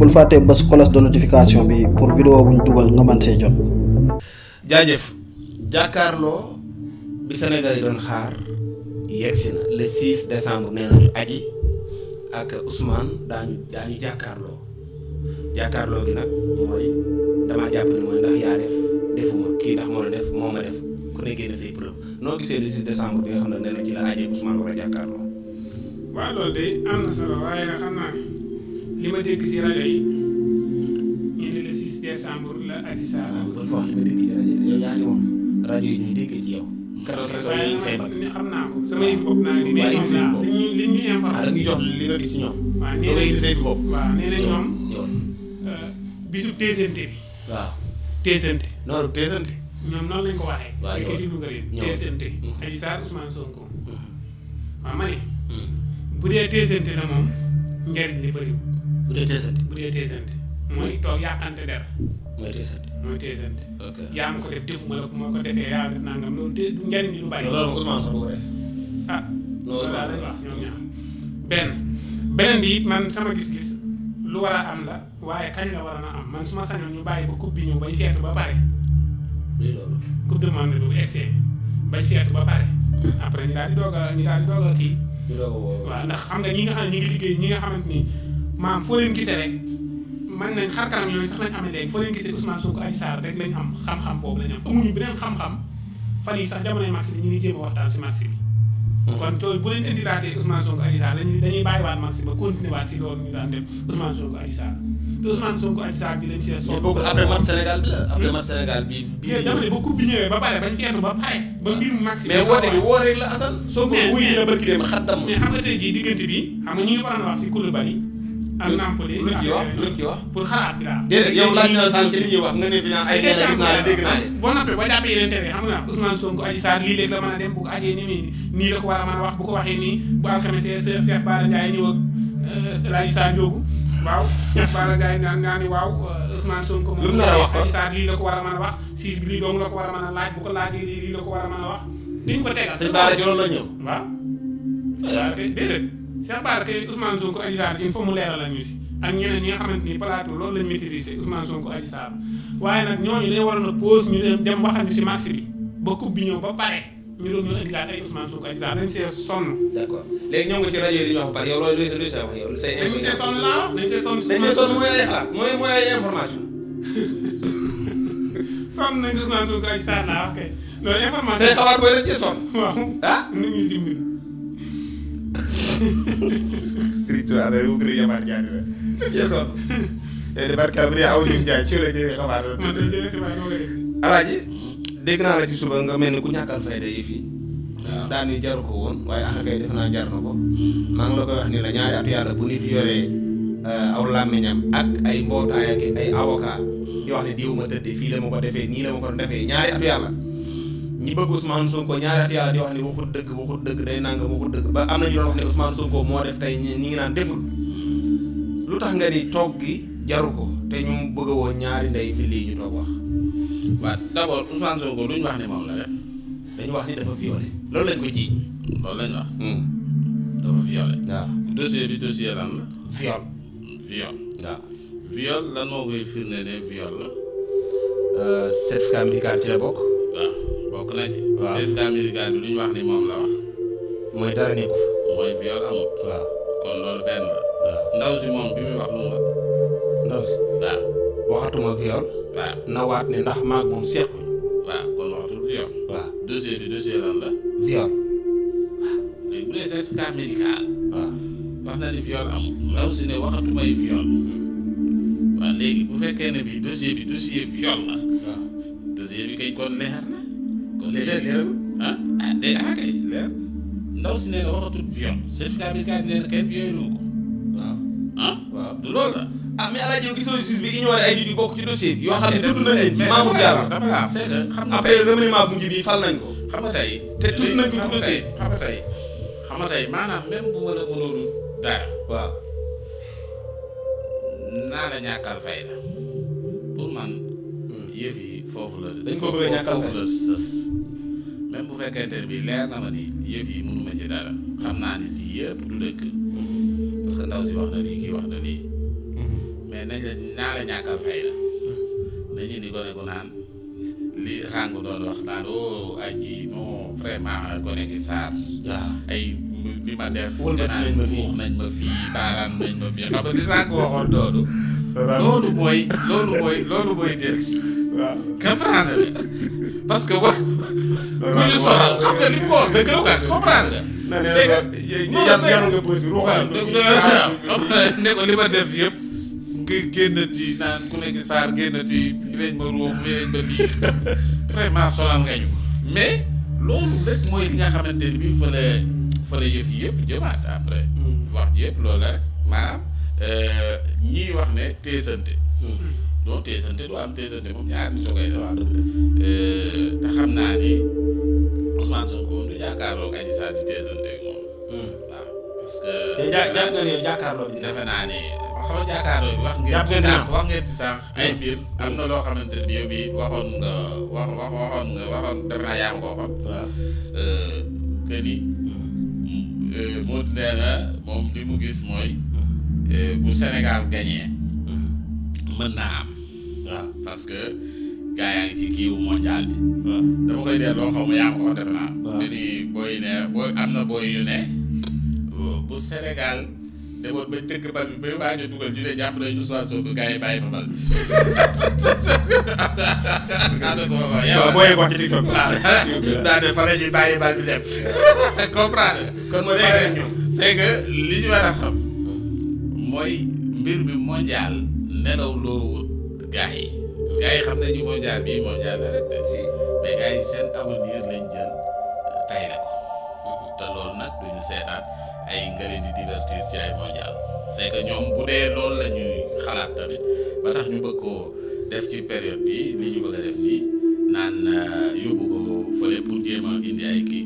bul fàttee bés cloche de notification bi pour vidéo buñ dugal nga mën see jot. jaajëf jàkkaarloo bi Sénégal yi doon xaar yegsi na le 6 décembre nee nañu aji ak Ousmane daañu daañu jàkkaarloo jàkkaarloo gi nag mooy damaa jàpp ne mooy ndax yaa def defuma kii ndax moo la def moo ma def ku ne génne say preuve noo gisee le 6 bi nga xam ne nee na ci la aji Ousmane war a jàkkaarloo. waaw loolu de am solo waaye nag xam naa li ma dégg si rajo yi ñu ne le 6 décembre la Adissa. Ah, waaw kon foofu li ma dégg ci sama yëf li ñu li ñu informé. waaw ah, da nga jox li nga gis si ñoom. waaw nee nañ si bopp. ñoom. Euh, bisu téesante bi. waaw téesante. nooru téesante. ñoom noonu lañ ko waxee. waaw ñëw béykat yi dugal leen téesante. Mm-hmm. Adji Sarr Ousmane Sonko. Mm-hmm. waaw mm-hmm. bu dee téesante la moom njariñ li bëriwul. bu dee teesante bu dee teesante mooy toog yàqante der mooy teesante mooy teesante yaa ma ko def defuma la moo ko defee yaa def nangam loolu te du njariñ li du loolu Ousmane Sonko def ah loolu laa lay wax ñoom ñaar benn beneen bi man sama gis-gis lu war a am la waaye kañ la war a am man su ma sañoon ñu bàyyi ba coupe bi ñëw bañ feetu ba pare loolu coupe du monde bi bu egsee bañ feetu ba pare après ñu daal di doog a ñu daal di doog a kii waaw ndax xam nga ñi nga xam ñi ngi liggéey ñi nga xamante ni maam foo leen gisee rek man nañ xar kanam yooyu sax lañ amee léegi leen gisee am xam-xam boobu lañ am amuñu xam-xam fan yii sax jamonoy ñu ngi jéem a waxtaan si Macky bi. Hmm. kon tooy bu leen indilaatee Ousmane Sonko Adji Sarr dañuy dañuy bàyyiwaat Macky ba continué waat si loolu ñu daan def Ousmane Sonko Adji bi leen si. soo bi la. après hmm. match Sénégal bi ba coupe bi ñëwee ba pare bañ feetu ba pare. ba mbir Macky mais woote bi woo rek la Assane. soo ko wuyu dina barki dem xat dam mais xam nga tey jii diggante bi xam nga ñu ngi waroon wax si kuréel bari ak nampali. lu ci wax lu ci wax pour xalaat bi daal. déedéet yow laaj na la sànq li ñuy wax nga ne fi naan ay. gis naa la dégg naa leen nga Ousmane Sonko a dem bu ko ko war a wax bu ko waxee nii bu alxames see Cheikh Bara Ndiaye ñëw ak El euh, Hadj Sarr Ndiogu waaw Cheikh naa ne waaw euh, Ousmane Sonko. lu mu nar a lii la ko war a mën a wax siis bi lii dong la ko war a mën a laaj bu ko laajee lii lii la ko war a mën a wax diñ ko tegal sëñ Bara Jolof la ñëw waaw déedéet Cheikh Bara tey Ousmane Sonko Adji Sarr il faut mu leeral ak ñu si ak ñeneen ñi nga xamante ni plateau loolu lañ maîtriser Ousmane Sonko Adji Sarr waaye nag ñooñu dañ waroon a pause ñu dem dem waxal ñu si marché bi ba coupe bi ñëw ba pare ñu doon ñu indilaat ay Ousmane Sonko Adji Sarr dañ see sonn. d'accord léegi ñëw nga ci rajo yi ñu wax par yow loolu lu sa wax yow. say information dañ see sonn laa dañ see sonn. dañ see sonn mooy ay xalaat mooy mooy ay information. sonn nañ si Ousmane Sonko Adji Sarr laa wax kay. loolu information say xalaat booy dañ see sonn. waaw ah nit ñi si dimbali. spiritual rek bu gën jaani la yeesoon eh, te barkeel bu dee aw lim jaay ci la jëlee xabaar ah, alaaji dégg naa la ci suba nga mel ni ku ñàkkal fayda yi fii daan ni jaru ko woon waaye ax ah kay def naa jar na ko maa ngi la koy wax ni la ñaari atu yàlla bu nit yoree eh, aw làmmiñam ak ay mbootaay ak ay avocat di wax ne diw ma fii la ma ko defee nii la ma ko defee ñaari atu yàlla ñi bëgg Ousmane Sonko ñaari at yàlla di wax ne waxut dëgg waxut dëgg day nangam waxut dëgg ba am na ñu doon wax ne Ousmane Sonko moo def tey ñi ngi naan deful lu tax nga ni toog gi jaru ko te ñu bëgg woon ñaari ndey mi lii ñu toog wax. waaw d'abord Ousmane Sonko lu ñu wax ne moom la def. dañu wax ni dafa violé. loolu lañ ko jiiñ. loolu lañ wax. Hmm. dafa violé. waaw dossier bi dossier lan la. waaw. viol lan moo koy firnde ne viol la. Euh, certificat médical ci la waaw bokk na ci. waaw certificat bi lu wax ni moom la wax. mooy dara nekku mooy viol amul. waaw kon loolu benn la. ndaw si moom bi muy wax lu ndaw si waaw. waxatuma viol. waaw na bi dossier lan la. viol. léegi bu dee certificat médical. waaw wax na ni viol amul. ndaw si ne waxatumay viol. waaw léegi bu fekkee ne bii dossier bi dossier viol la. dossier bi kay kon leer na. kon leer leerul ah ah day ah si nee na waxatut viol bi kat du loolu la. ah mais El Hadj yow gisoo justice bi ay nit yu bokk ci dossier yoo xam ne eh, du na eh, leen ci Mamour Diallo la xam nga ah, tey remaniement bu mujj bi fal nañ ko. xam nga tey te tudd nañ ko ci dossier xam nga tay xam nga tey maanaam même bu ma la mënoonu dara. naa la ñàkkal fayda pour man hmm. yëf yi. foofu la dañ ko a ñàkkal foofu la sës même bu fekkee ne bii leer na ma ni yëf yi mënuma ci dara xam naa ne lii yëpp du dëkk parce que ndaw si wax na lii kii wax na lii mais nañ la naa la ñàkkal fay la nañu di gone gu naan li ràng doon wax naan o oh, aji non vraiment gone gi saar ay bi ma def fuux nañ ma fii baaraan nañ ma fii xam nga li ràng waxoon doonu loolu mooy loolu mooy loolu mooy dellusi. comprendre parce que wax. ku ñu soxal xam nga li mu wax dëgg la comprendre nga. c'est que ne ko li ma def yëpp nga génnati naan ku nekk saar génnati fii lañ ma ruux ma lii vraiment sonal nga ñu mais loolu rek mooy li nga xamante ni bii fa la fa la yëf yëpp jëmaat après. Hmm. wax ji yëpp loolu rek maanaam. Euh, ñii wax ne teesante. donc hmm. teesante du am teesante moom ñaar nit ñoo koy def euh, naa ni hmm. waxoon jàkkaarloo wax ngeen. ci sànq wax ngeen ci sànq ay mbir hmm. am na loo xamante ne bi waxoon nga wax wax waxoon nga waxoon defe naa yaa ma ko waxoon. waaw euh, que moom li mu gis mooy. Euh, bu Sénégal gagné. Mmh. mën naa am. waaw parce que gars yaa ngi ci kiiwu mondial bi. waaw dama koy delloo xaw ma yaa ko defe naa. waaw ni booy ne booy am na booy yu ne. bu Sénégal demoon ba tëkk bal bi bay waaj a dugal ñu ne jàpp nañu Ousmane Sonko gars yi bàyyi fa bal bi. daa doon ko wax booy wax ci TikTok. waaw daa doon fa la ñuy bàyyi bal bi dem. comprendre. kon mooy bàyyi ak c'est que li ñu war a xam. mooy mbir mi mondial nelaw loo wut yi gars yi xam ne ñu mondial bii mondial la rek si mais gars yi seen avenir lañ jël euh, tay la ko mm-hmm. te loolu nag duñu seetaan ay ngari di divertir ci ay mondial c'est ñoom bu dee lool la xalaat tamit ba tax ñu bëgg koo def ci période bi li ñu bëgg def nii naan euh, yóbbu ko fële pour jéem a kii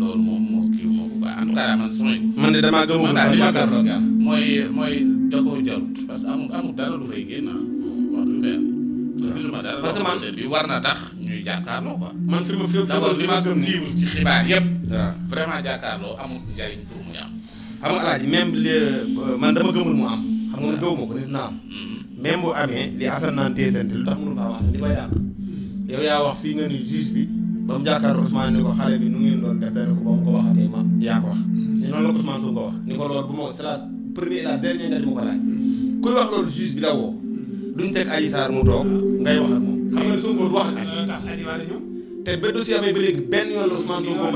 loolu moom en tout cas man de damaa gëmul sax parce que amul bi war na tax ñuy jàkkaarloo quoi man fi ma fi euh, am xam nga gëwuma ko nit na am mm-hmm. même bu amee li asan naan teesante lu tax mënu ko avancé li ba yàq mm-hmm. yaa wax fii nga ni juge bi ba mu jàkkaarloo Ousmane ni ko xale bi nu ngeen doon def dana ko ba mu ko waxatee ma yaa ko wax. te noonu la ko loolu bu ma ko ma ko laaj. kuy woo. duñ teg Adji Sarr mu toog ngay wax ak moom. xam nga Sonko du wax ak. loolu tax Adji Sarr ñëw. te ba ba léegi benn yoon la Ousmane Sonko a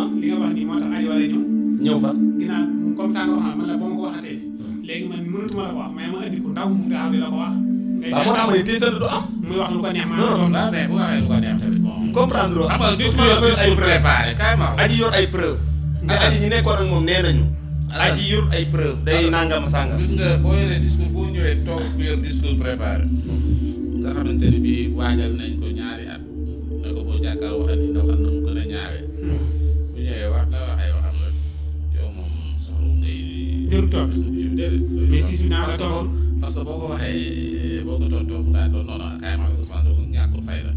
ah? li nga wax nii moo tax Adji Sarr ñëw. ñëw fan. ginnaaw comme ça nga wax man la ba ma ko waxatee. Hmm. léegi man mënatuma la ko wax ma la ko wax waaw moo tax ma ne téesante du am. wax lu waxee lu ko neex comprendre loo xam nga nit yor discours préparé kay ma. aji yor ay preuve. ndax aji ñi nekkoon ak moom nee nañu. aji yor ay preuve day nangam sàngam. gis boo yoree discours boo ñëwee toog ku yor discours préparé. nga xamante ni bii waajal nañ ko ñaari at. ne ko boo jàkkaar waxal ni ndaw xam na mu gën a ñaawee. bu ñëwee wax la wax ay waxam rek yow moom soxla ngay. jëru toog mais si naa la parce que boo ko waxee boo ko tontoo mu daal doon noonu kaay ma Ousmane Sonko ñàkkul fay la.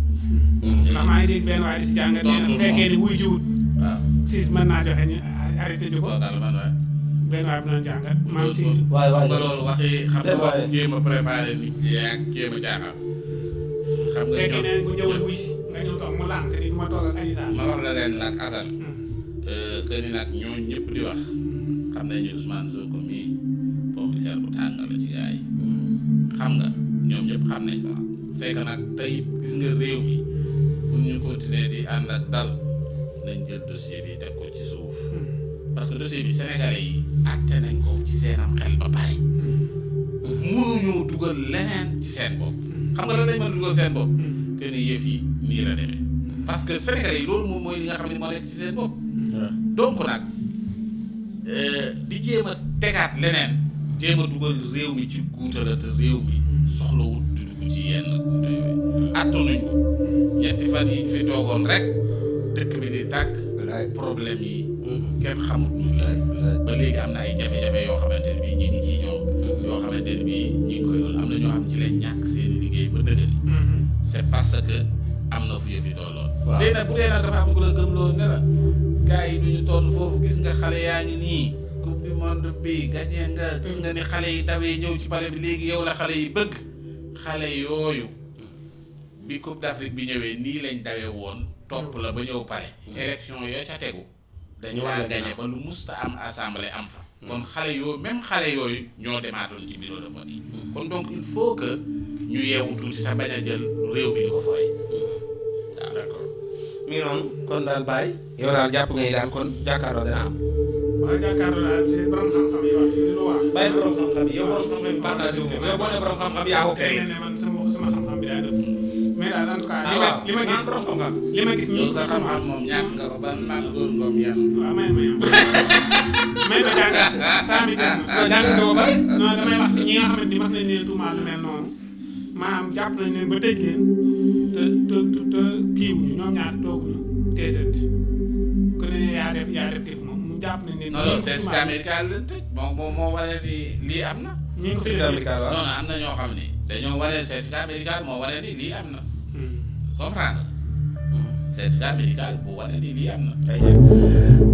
benn waaye si naa joxe ñu nga loolu waxi xam nga waxu jéem a préparé nit ñi ak jéem a jaaxal. xam nga ñoom fekkee ne ku ñëwul ma toog ak Adji ma wax la leen nag Assane. que ni nag ñooñu di wax. xam nañu Ousmane Sonko ñoom ñëpp xam nañ ko nag nag tey gis nga réew mi pour ñu continuer di ànd ak dal nañ jël dossier bi teg ko ci suuf hmm. parce que dossier bi sénégalais yi àtte nañ ko ci seenam xel ba pare mënuñoo hmm. dugal leneen ci seen bopp hmm. xam nga lan lañ mën a seen bopp que yëf yi nii la demee parce que sénégalais yi loolu moom mooy li nga xam ne moo nekk ci seen bopp donc nag euh, di jéem a tegaat leneen jéem a dugal réew mi ci guuta la te réew mi soxlawut di dugg ci yenn guuta yooyu attanuñ ñetti fan yi fi toogoon rek dëkk bi di tàkk ay problème yi mm-hmm. kenn xamut ñu ba léegi am na ay jafe-jafe yoo xamante ne bii ñi mm-hmm. xamante ne bii ñi ngi koy doon am na ñoo am ci lañ ñàkk seen liggéey ba nëgëni mm-hmm. c'est parce que am na fu yëf yi tolloon léegi bu dee dafa am ku gëm loolu ne la yi duñu toll foofu gis nga xale yaa ngi nii monde bi gis nga ni xale yi dawee ñëw ci pare bi léegi yow la xale yi bëgg xale yooyu bi Coupe bi ñëwee nii lañ dawee woon topp la ba ñëw pare mm-hmm. élection ca tegu dañu laa musta am assemblée am fa mm-hmm. kon xale yooyu ñoo demaatoon ci mm-hmm. ñu yeewu tuuti te a ko fooye waaw ah, daal bàyyi yow daal jàpp nga ni daal kon jàkkaarloo dana waaye yaakaar naa ne borom xam-xam yi wax si lu wax. bàyyi borom xam-xam yi yow borom xam-xam yi partagé wu ko yow boo ne borom xam-xam yaa ko kay. ne man sama sama xam-xam bi daa dëpp. mais daal en tout cas. li ma ah, gis borom xam-xam li ma gis ñii. sa xam-xam moom ñàkk nga ko ban maa góor ngoom yàlla. waaw may may may ma jàng temps bi jàng na. jàng nga ko ba non damay wax si ñi nga xamante ni mas nañ leen tuumaal lu mel noonu maanaam jàpp nañ leen ba tëj leen te te te kii wuñu ñoom ñaar tooguñu teesante ku ne yaa def yaa def jàpp nañ ne. non non desk amical moo waree ni lii am na. ñi am na ñoo xam ne dañoo waree certificat médical moo waree ni lii am na. Hmm. comprendre hmm. certificat médical bu waree ni lii am na.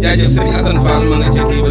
jaajëf jaajëf sëriñ Assane Fall ma nga ca kii ba.